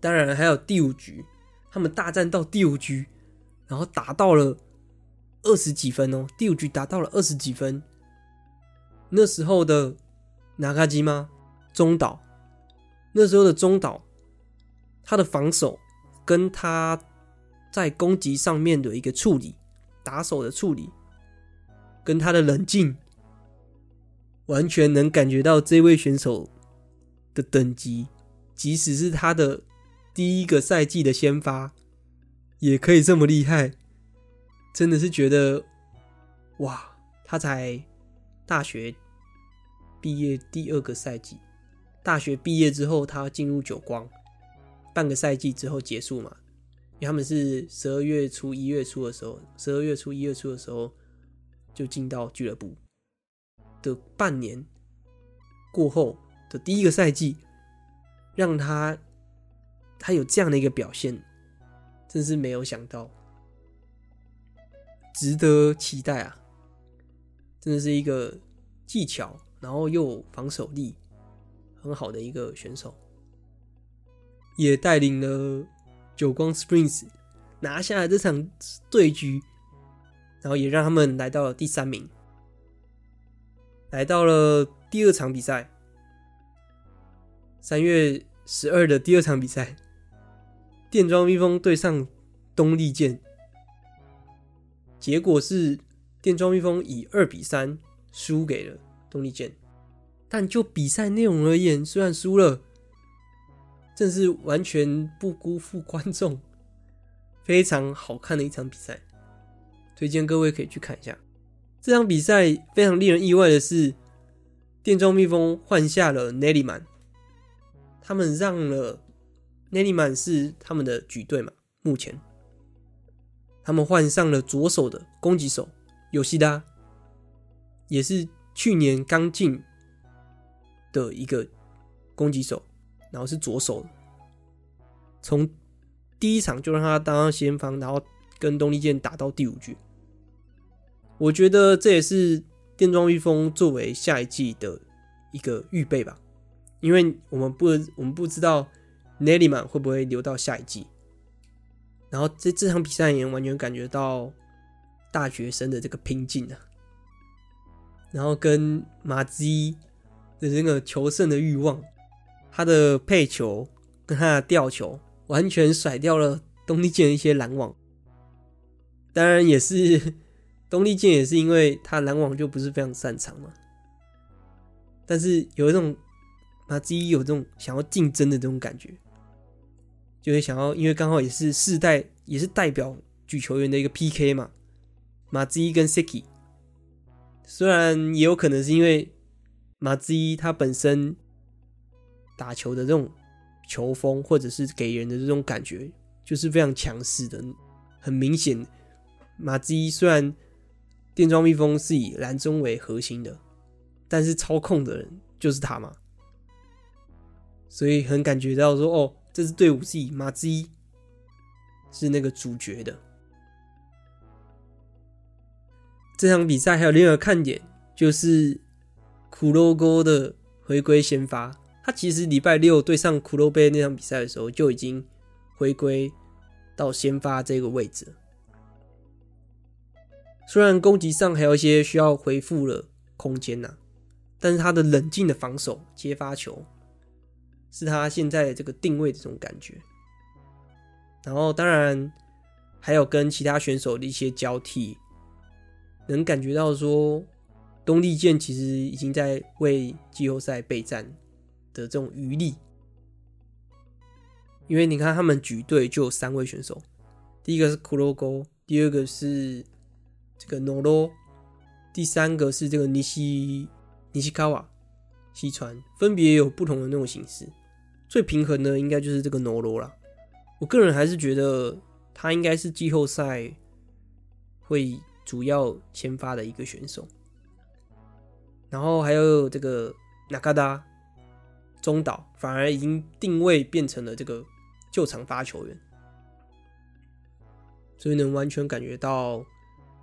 當然，還有第五局，他們大戰到第五局，然後達到了二十幾分哦。第五局達到了二十幾分。那時候的拿卡基嗎？中島，那時候的中島，他的防守跟他在攻擊上面的一個處理，打手的處理，跟他的冷靜，完全能感覺到這位選手的等級，即使是他的第一個賽季的先發，也可以這麼厲害，真的是覺得，哇，他才大學。畢業第二個賽季，大學畢業之後，他進入久光，半個賽季之後結束嘛？因為他們是十二月初一月初的時候，十二月初一月初的時候就進到俱樂部的半年，過後的第一個賽季，讓他他有這樣的一個表現，真是沒有想到，值得期待啊！真的是一個技巧。然後又有防守力很好的一個選手，也帶領了久光 Springs 拿下了這場對局，然後也讓他們來到了第三名，來到了第二場比賽，三月十二的第二場比賽，電裝蜜蜂對上東麗箭，結果是電裝蜜蜂以二比三輸給了。東麗箭，但就比賽內容而言，雖然輸了，正是完全不辜負觀眾非常好看的一場比賽，推薦各位可以去看一下。這場比賽非常令人意外的是，電裝蜜蜂換下了奈利曼，他們讓了奈利曼是他們的舉隊嘛？目前，他們換上了左手的攻擊手吉田，ida，也是。去年剛進的一個攻擊手，然後是左手，從第一場就讓他當先鋒，然後跟東麗箭打到第五局。我覺得這也是電裝御風作為下一季的一個預備吧，因為我們不我們不知道奈利曼會不會留到下一季。然後這這場比賽也完全感覺到大學生的這個拼勁啊。然後跟馬茲的那個求勝的慾望，他的配球跟他的吊球，完全甩掉了東麗箭的一些攔網。當然也是東麗箭也是因為他攔網就不是非常擅長嘛。但是有一種馬茲有這種想要競爭的這種感覺，就是想要，因為剛好也是世代也是代表舉球員的一個 PK 嘛，馬茲跟 Siki。雖然也有可能是因為馬基他本身打球的這種球風，或者是給人的這種感覺，就是非常強勢的，很明顯。馬基雖然電裝蜜蜂是以藍中為核心的，但是操控的人就是他嘛，所以很感覺到說，哦，這支隊伍是以馬基是那個主角的。這場比賽還有另外一個看點，就是黑後的回歸先發。他其實禮拜六對上黑部那場比賽的時候，就已經回歸到先發這個位置。雖然攻擊上還有一些需要恢復的空間吶、啊，但是他的冷靜的防守接發球，是他現在的這個定位的這種感覺。然後當然還有跟其他選手的一些交替。能感覺到說，東麗箭其實已經在為季後賽備戰的這種餘力，因為你看他們舉隊就有三位選手，第一個是 Kuroko，第二個是這個 Noro，第三個是這個尼西尼西卡瓦西川，分別有不同的那種形式。最平衡的應該就是這個 Noro 啦。我個人還是覺得他應該是季後賽會。主要先發的一個選手，然後還有這個哪卡達中島，反而已經定位變成了這個救場發球員，所以能完全感覺到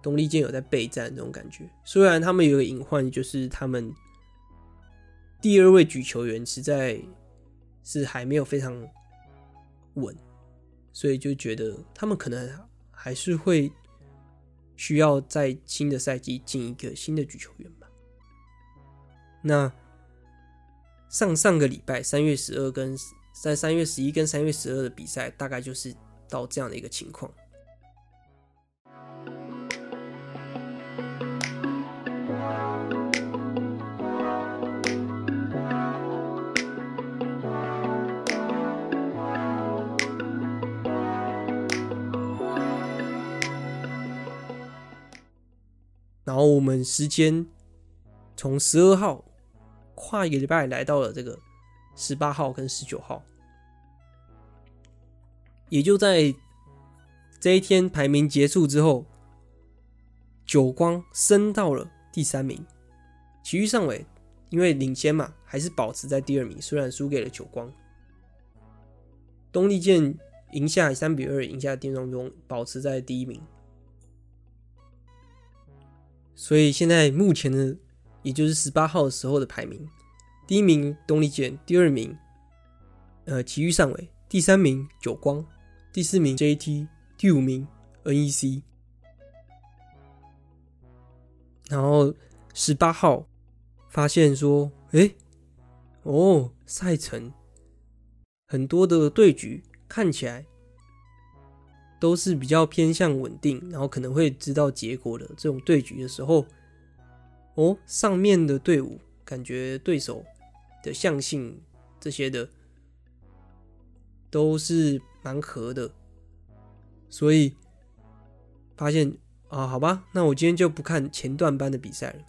東麗箭有在備戰這種感覺。雖然他們有一個隱患，就是他們第二位舉球員實在是還沒有非常穩，所以就覺得他們可能還是會。需要在新的賽季進一個新的舉球員吧。那上上個禮拜三月十二跟在三月十一跟三月十二的比賽，大概就是到這樣的一個情況。然後我們時間從十二號跨一個禮拜來到了這個十八號跟十九號，也就在這一天排名結束之後，久光升到了第三名，琦玉上尾因為領先嘛，還是保持在第二名，雖然輸給了久光，東麗箭贏下三比二，贏下的電裝中，保持在第一名。所以現在目前的，也就是十八號的時候的排名，第一名東麗箭，第二名，呃琦玉上尾，第三名久光，第四名 J T，第五名 N E C。然後十八號發現說，誒，哦，賽程很多的對局看起來。都是比較偏向穩定，然後可能會知道結果的這種對局的時候，哦，上面的隊伍感覺對手的相性這些的都是蠻合的，所以發現啊，好吧，那我今天就不看前段班的比賽了，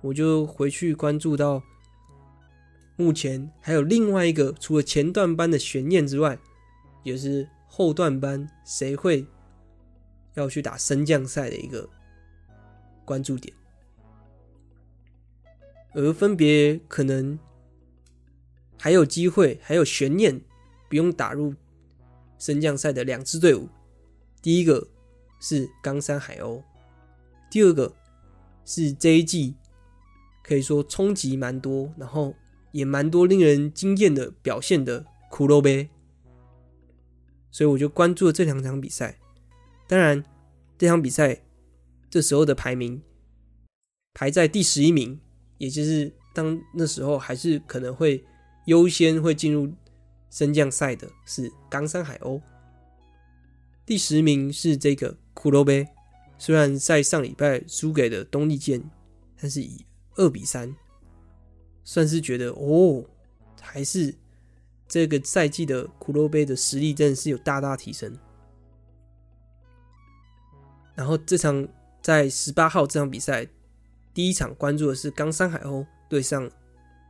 我就回去關注到目前還有另外一個，除了前段班的懸念之外，也、就是。後段班誰會要去打升降賽的一個關注點，而分別可能還有機會，還有懸念，不用打入升降賽的兩支隊伍，第一個是岡山海鷗，第二個是 JG，可以說衝擊蠻多，然後也蠻多令人驚豔的表現的皇后杯。所以我就關注了這兩場比賽。當然，這場比賽這時候的排名排在第十一名，也就是當那時候還是可能會優先會進入升降賽的是岡山海鷗。第十名是這個黑部，雖然在上禮拜輸給了東麗箭，但是以二比三，算是覺得哦，還是。這個賽季的皇后杯的實力真的是有大大提升。然後這場在十八號這場比賽，第一場關注的是岡山海鷗對上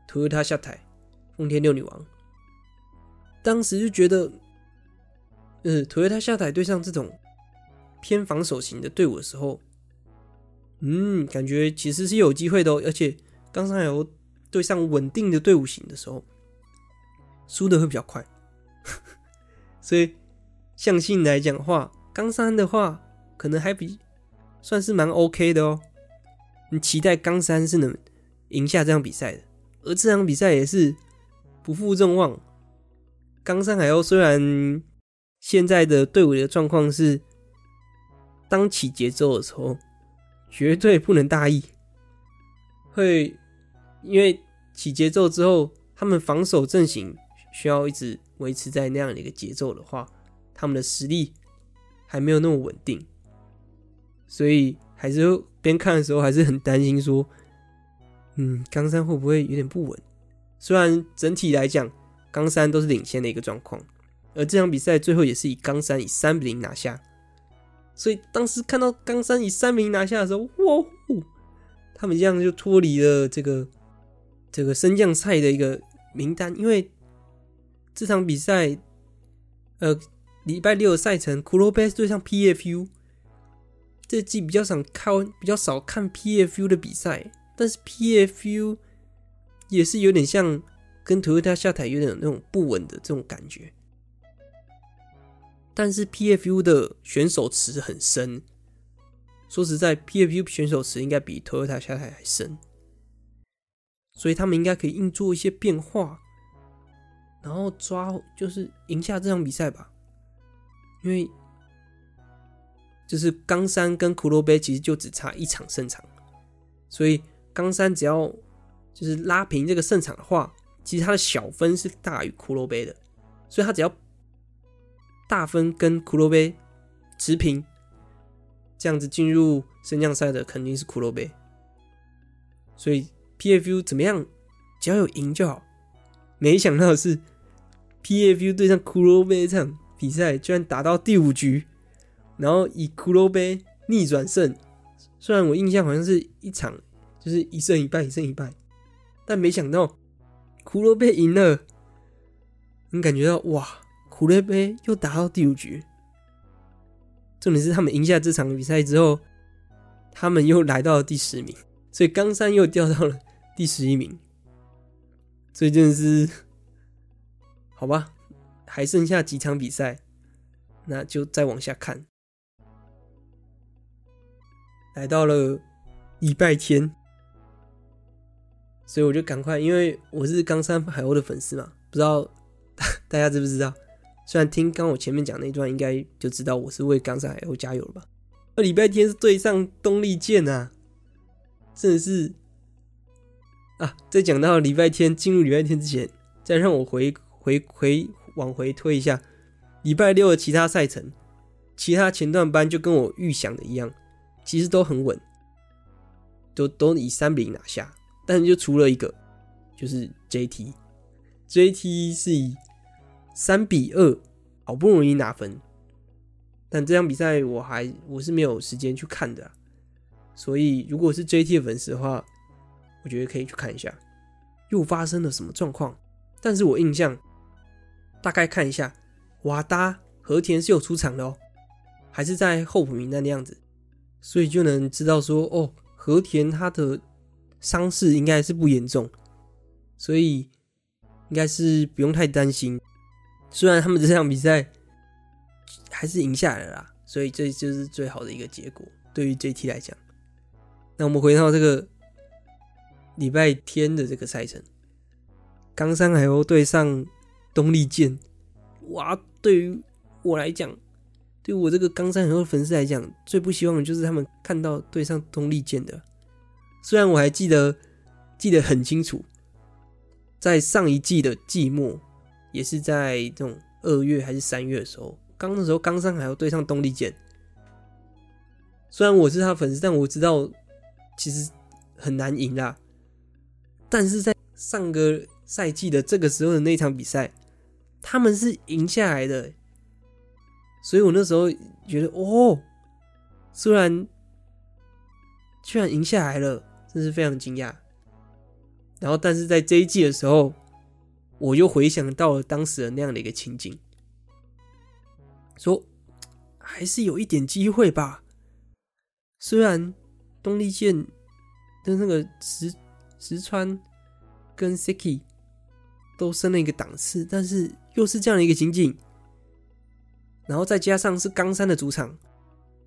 豐田下台豐田六女王。當時就覺得，嗯，豐田下台對上這種偏防守型的隊伍的時候，嗯，感覺其實是有機會的哦。而且岡山海鷗對上穩定的隊伍型的時候。輸的會比較快， 所以相信來講的話，剛三的話可能還比算是蠻 OK 的哦、喔。你期待岡山是能贏下這場比賽的，而這場比賽也是不負眾望。岡山海鷗雖然現在的隊伍的狀況是當起節奏的時候，絕對不能大意，會因為起節奏之後，他們防守陣型。需要一直維持在那樣的一個節奏的話，他們的實力還沒有那麼穩定，所以還是邊看的時候還是很擔心說，嗯，岡山會不會有點不穩？雖然整體來講，岡山都是領先的一個狀況，而這場比賽最後也是以岡山以三比零拿下。所以當時看到岡山以三比零拿下的時候，哇，哦，他們這樣就脫離了這個這個升降賽的一個名單，因為。這場比賽，呃，禮拜六的賽程，Kurobe 對上 P F U。這季比較少看，比較少看 P F U 的比賽，但是 P F U 也是有點像跟 Toyota 下台有點有那種不穩的這種感覺。但是 P F U 的選手池很深，說實在，P F U 選手池應該比 Toyota 下台還深，所以他們應該可以硬做一些變化。然後抓就是贏下這場比賽吧，因為就是岡山跟骷髏杯其實就只差一場勝場，所以岡山只要就是拉平這個勝場的話，其實他的小分是大於骷髏杯的，所以他只要大分跟骷髏杯持平，這樣子進入升降賽的肯定是骷髏杯，所以 PFU 怎麼樣，只要有贏就好。沒想到的是。P.F.U 對上 Kurobe 這場比賽，居然打到第五局，然後以 Kurobe 逆轉勝。雖然我印象好像是一場就是一勝一敗，一勝一敗，但沒想到 Kurobe 贏了。你感覺到哇，Kurobe 又打到第五局。重點是他們贏下這場比賽之後，他們又來到了第十名，所以岡山又掉到了第十一名。這真的是。好吧，還剩下幾場比賽，那就再往下看。來到了禮拜天，所以我就趕快，因為我是岡山海鷗的粉絲嘛，不知道大家知不知道？雖然聽剛，剛我前面講那一段，應該就知道我是為岡山海鷗加油了吧？那禮拜天是對上東麗箭啊，真的是啊！在講到禮拜天，進入禮拜天之前，再讓我回。回回往回推一下，禮拜六的其他賽程，其他前段班就跟我預想的一樣，其實都很穩，都都以三比零拿下。但是就除了一個，就是 J T，J T 是以三比二好不容易拿分，但這場比賽我還我是沒有時間去看的啊，所以如果是 J T 的粉絲的話，我覺得可以去看一下，又發生了什麼狀況？但是我印象。大概看一下，瓦達和田是有出場的哦，還是在候補名單的樣子，所以就能知道說，哦，和田他的傷勢應該是不嚴重，所以應該是不用太擔心。雖然他們這場比賽還是贏下來了啦，所以這就是最好的一個結果。對於 JT 來講，那我們回到這個禮拜天的這個賽程，岡山海鷗隊上。東麗劍，哇！對於我來講，對於我這個岡山很多粉絲來講，最不希望的就是他們看到對上東麗箭的。雖然我還記得記得很清楚，在上一季的季末，也是在這種二月還是三月的時候，剛，剛的時候岡山還要對上東麗箭。雖然我是他粉絲，但我知道其實很難贏啦。但是在上個賽季的這個時候的那一場比賽。他們是贏下來的，所以我那時候覺得，哦，雖然居然贏下來了，真是非常驚訝。然後，但是在這一季的時候，我又回想到了當時的那樣的一個情景，說還是有一點機會吧。雖然東麗箭的那個石石川跟 Siki。都升了一個檔次，但是又是這樣的一個情景，然後再加上是岡山的主場，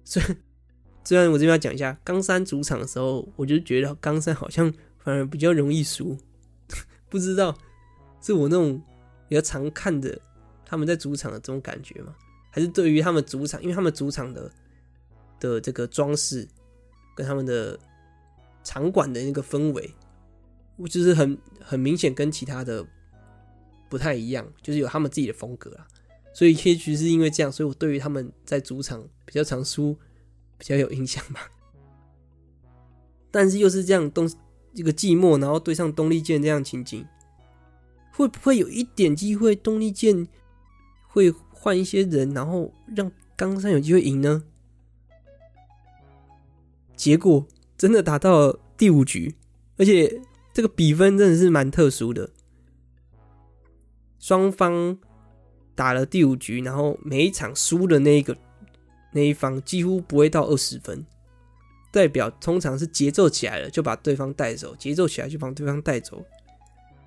雖然雖然我這邊要講一下岡山主場的時候，我就覺得岡山好像反而比較容易輸，不知道是我那種比較常看的他們在主場的這種感覺嗎？還是對於他們主場，因為他們主場的的這個裝飾跟他們的場館的那個氛圍，我就是很很明顯跟其他的。不太一樣，就是有他們自己的風格啦、啊，所以也許是因為這樣，所以我對於他們在主場比較常輸比較有印象吧。但是又是這樣東這個寂寞，然後對上東麗箭這樣情景，會不會有一點機會東麗箭會換一些人，然後讓岡山有機會贏呢？結果真的打到了第五局，而且這個比分真的是蠻特殊的。雙方打了第五局，然後每一場輸的那一個那一方幾乎不會到二十分，代表通常是節奏起來了就把對方帶走，節奏起來就把對方帶走。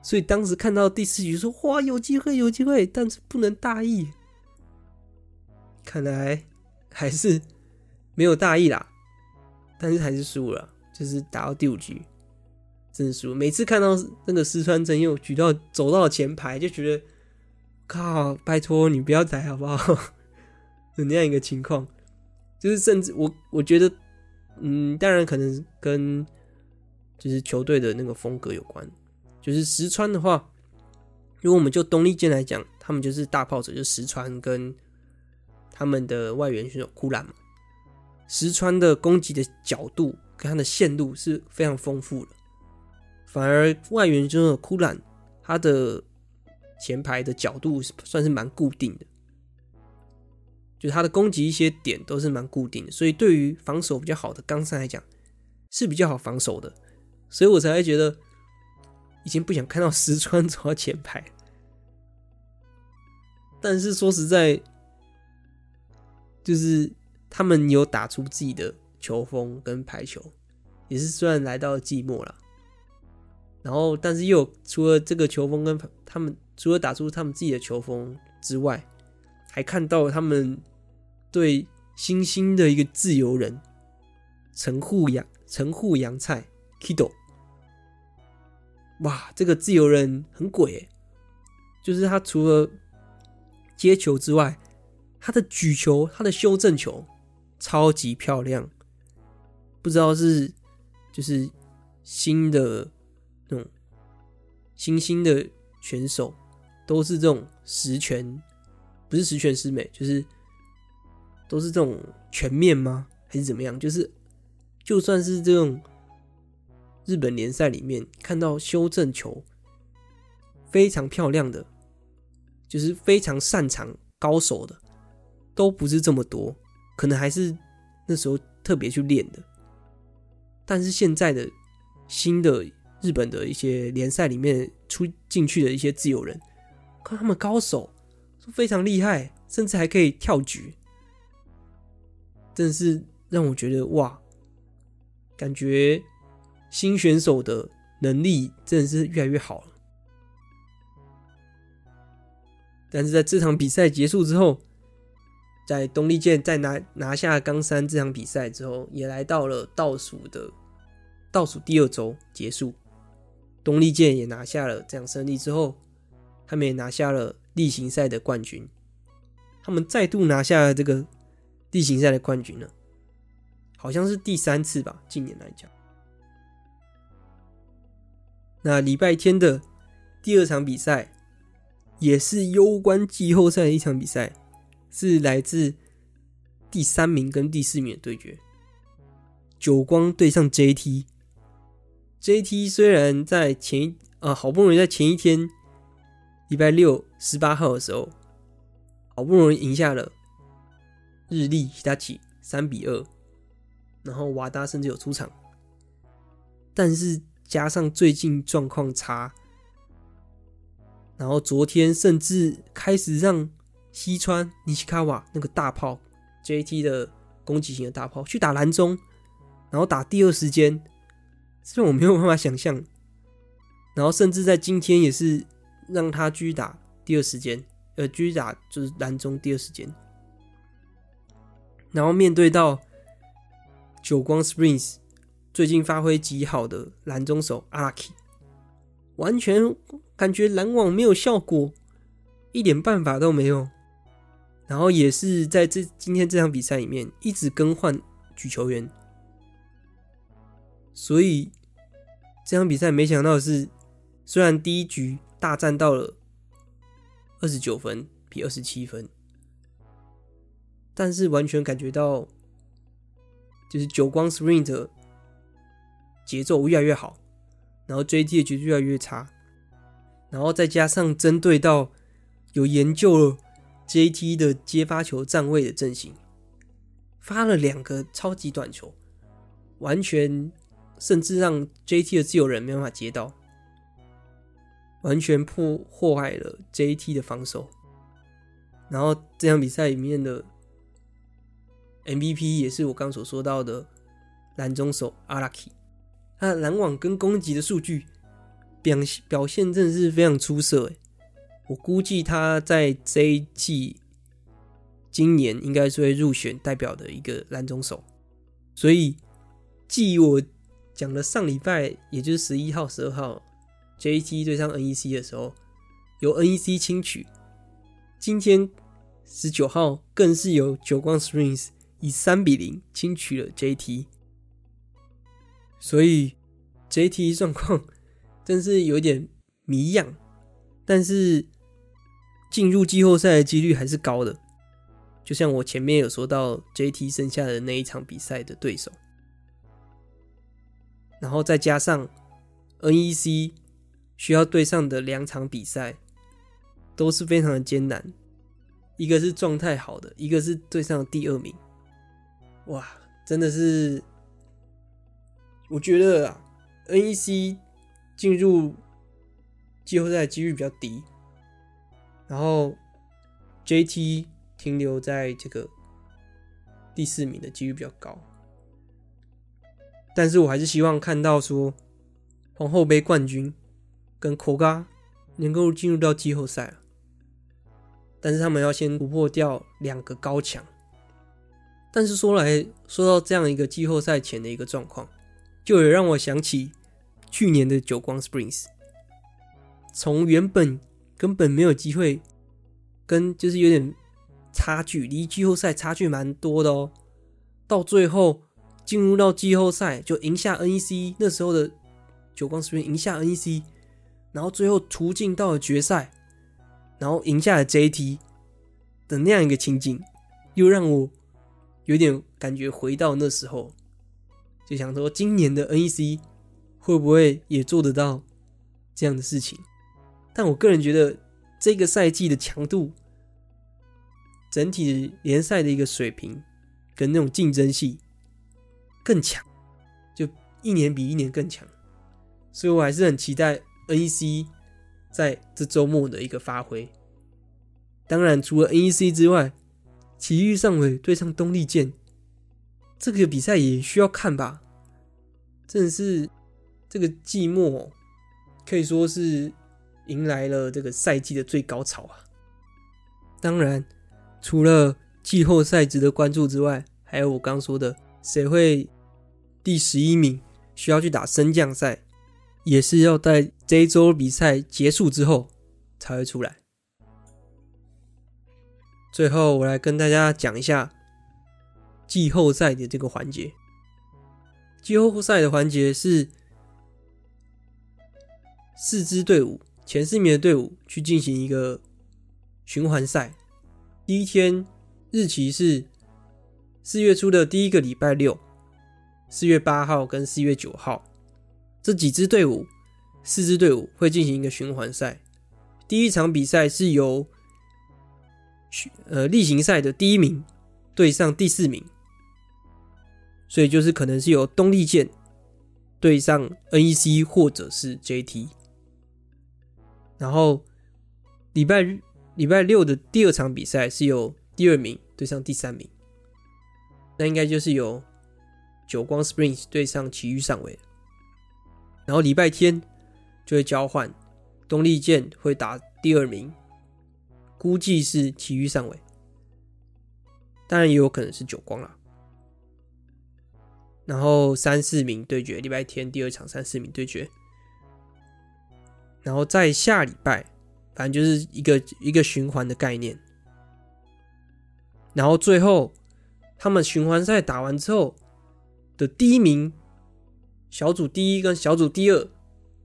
所以當時看到第四局說哇，有機會有機會，但是不能大意。看來還是沒有大意啦，但是還是輸了，就是打到第五局。真是，每次看到那個石川真佑舉到走到了前排，就覺得靠，拜託你不要來好不好？有 那樣一個情況，就是甚至我我覺得，嗯，當然可能跟就是球隊的那個風格有關。就是石川的話，如果我們就東麗箭來講，他們就是大炮手，就石川跟他們的外援選手庫蘭嘛。石川的攻擊的角度跟他的線路是非常豐富的。反而外援中的庫蘭，他的前排的角度算是蠻固定的，就他的攻擊一些點都是蠻固定的，所以對於防守比較好的岡山來講，是比較好防守的，所以我才會覺得已經不想看到石川走到前排。但是說實在，就是他們有打出自己的球風跟排球，也是算來到了季末了。然後，但是又除了這個球風跟他們，除了打出他們自己的球風之外，還看到他們對新興的一個自由人陳戶陽、陳戶陽菜 Kido，哇，這個自由人很鬼，就是他除了接球之外，他的舉球、他的修正球超級漂亮，不知道是就是新的。新興的選手都是這種十全，不是十全十美，就是都是這種全面嗎？還是怎麼樣？就是就算是這種日本聯賽裡面看到修正球非常漂亮的，就是非常擅長高手的，都不是這麼多，可能還是那時候特別去練的。但是現在的新的。日本的一些聯賽裡面出進去的一些自由人，看他們高手都非常厲害，甚至還可以跳舉，真是讓我覺得哇，感覺新選手的能力真的是越來越好了。但是在這場比賽結束之後，在東麗箭再拿拿下岡山這場比賽之後，也來到了倒數的倒數第二周結束。東麗箭也拿下了這樣勝利之後，他們也拿下了例行賽的冠軍。他們再度拿下了這個例行賽的冠軍了，好像是第三次吧，近年來講。那禮拜天的第二場比賽，也是攸關季後賽的一場比賽，是來自第三名跟第四名的對決，久光對上 JT。J T 雖然在前啊、呃，好不容易在前一天，禮拜六十八號的時候，好不容易贏下了日立，其他幾三比二，2, 然後瓦達甚至有出場，但是加上最近狀況差，然後昨天甚至開始讓西川尼西卡瓦那個大炮 J T 的攻擊型的大炮去打藍中，然後打第二時間。這我沒有辦法想象然後甚至在今天也是讓他狙打第二時間，呃，狙打就是攔中、第二時間，然後面對到久光 Springs 最近發揮極好的攔中手阿拉基，完全感覺攔網沒有效果，一點辦法都沒有，然後也是在這今天這場比賽裡面一直更換舉球員。所以這場比賽沒想到的是，雖然第一局大戰到了二十九分比二十七分，但是完全感覺到就是久光 Springs 的節奏越來越好，然後 JT 的節奏越來越差，然後再加上針對到有研究了 JT 的接發球站位的陣型，發了兩個超級短球，完全。甚至讓 JT 的自由人沒辦法接到，完全破壞了 JT 的防守。然後這場比賽裡面的 MVP 也是我剛所說到的藍中手，Araki 他籃網跟攻擊的數據表現表現真的是非常出色，欸。我估計他在這一季今年應該是會入選代表的一個藍中手，所以基於我。講了上禮拜，也就是十一號、十二號，JT 對上 NEC 的時候，由 NEC 輕取。今天十九號，更是由久光 Springs 以三比零輕取了 JT。所以 JT 狀況真是有點迷樣，但是進入季後賽的幾率還是高的。就像我前面有說到，JT 剩下的那一場比賽的對手。然後再加上 NEC 需要對上的兩場比賽都是非常的艱難，一個是狀態好的，一個是對上的第二名，哇，真的是，我覺得啊，NEC 進入季後賽的幾率比較低，然後 JT 停留在這個第四名的幾率比較高。但是我還是希望看到說，皇后杯冠軍跟 Koga 能夠進入到季後賽啊，但是他們要先突破掉兩個高牆。但是說來說到這樣一個季後賽前的一個狀況，就也讓我想起去年的久光 Springs，從原本根本沒有機會，跟就是有點差距，離季後賽差距蠻多的哦，到最後。進入到季後賽就贏下 NEC 那時候的久光視頻贏下 NEC，然後最後途徑到了決賽，然後贏下了 JT 的那樣一個情景，又讓我有點感覺回到那時候，就想說今年的 NEC 會不會也做得到這樣的事情？但我個人覺得這個賽季的強度，整體聯賽的一個水平跟那種競爭性。更強，就一年比一年更強，所以我還是很期待 NEC 在這周末的一個發揮。當然，除了 NEC 之外，琦玉上尾對上東麗箭這個比賽也需要看吧。正是這個季末可以說是迎來了這個賽季的最高潮啊。當然，除了季後賽值得關注之外，還有我剛說的誰會。第十一名需要去打升降賽，也是要在這一周比賽結束之後才會出來。最後，我來跟大家講一下季後賽的這個環節。季後賽的環節是四支隊伍，前四名的隊伍去進行一個循環賽。第一天日期是四月初的第一個禮拜六。四月八號跟四月九號，這幾支隊伍，四支隊伍會進行一個循環賽。第一場比賽是由，呃，例行賽的第一名對上第四名，所以就是可能是由東麗箭對上 NEC 或者是 JT，然後禮拜禮拜六的第二場比賽是由第二名對上第三名，那應該就是由久光 Springs 對上琦玉上尾，然後禮拜天就會交換，東麗箭會打第二名，估計是琦玉上尾，當然也有可能是久光啦。然後三四名對決，禮拜天第二場三四名對決，然後在下禮拜，反正就是一個一個循環的概念，然後最後他們循環賽打完之後。的第一名，小組第一跟小組第二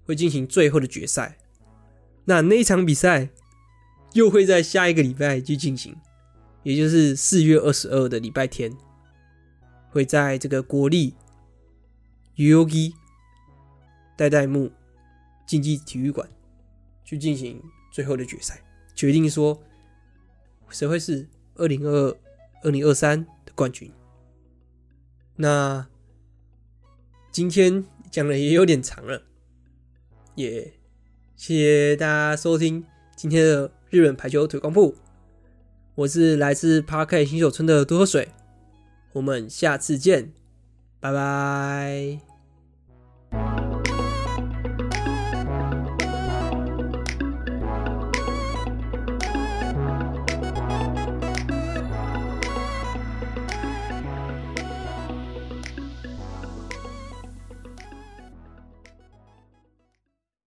會進行最後的決賽。那那一場比賽又會在下一個禮拜去進行，也就是四月二十二的禮拜天，會在這個國立 Yoyogi 代代木競技體育館去進行最後的決賽，決定說誰會是二零二二、二零二三的冠軍。那。今天講的也有點長了，yeah，也謝謝大家收聽今天的日本排球推廣部。我是來自 Parky 新手村的多喝水，我們下次見，拜拜。